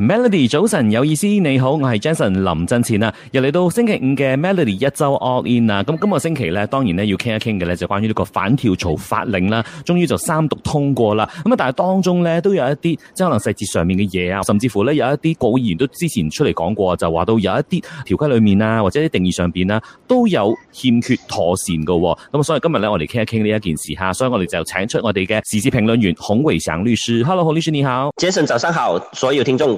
Melody，早晨有意思，你好，我是 Jason 林振前啦，又嚟到星期五嘅 Melody 一周 all in 啦。咁今個星期呢，當然咧要傾一傾嘅呢就關於呢個反跳槽法令啦，終於就三讀通過了。咁但係當中呢，都有一啲即可能細節上面嘅嘢啊，甚至乎呢有一啲國會議員都之前出嚟講過，就話到有一啲條規裏面啊，或者啲定義上面啦，都有欠缺妥善的。咁所以今日呢，我哋傾一傾呢一件事吓，所以我哋就請出我哋嘅時事評論員孔維祥律師。Hello，Lush，好，孔律師你好，Jason 早上好，所有聽眾。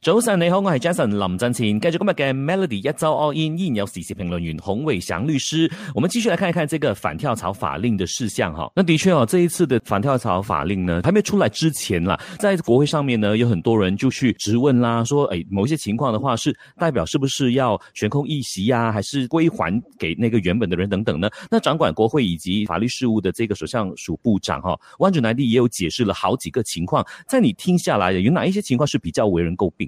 周三你好，我係 Jason 林振前，繼續今日嘅 Melody 一周 all in，依然有時事評論員洪偉祥律師，我們繼續來看一看這個反跳槽法令的事項哈。那的確哦，這一次的反跳槽法令呢，還沒出來之前啦，在國會上面呢，有很多人就去質問啦，說誒、哎，某些情況的話，是代表是不是要懸空議席呀，還是歸還給那個原本的人等等呢？那掌管國會以及法律事務的這個首相署部長哈，溫主南地也有解釋了好幾個情況。在你聽下來有哪一些情況是比較為人詬病？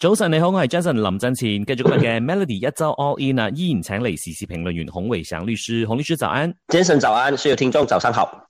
早晨，你好，我是 Jason 林振前，繼續我日嘅 Melody 一周 All In 啊，依然請嚟時事評論員孔偉祥律師，孔律師早安，Jason 早安，所有聽眾早上好。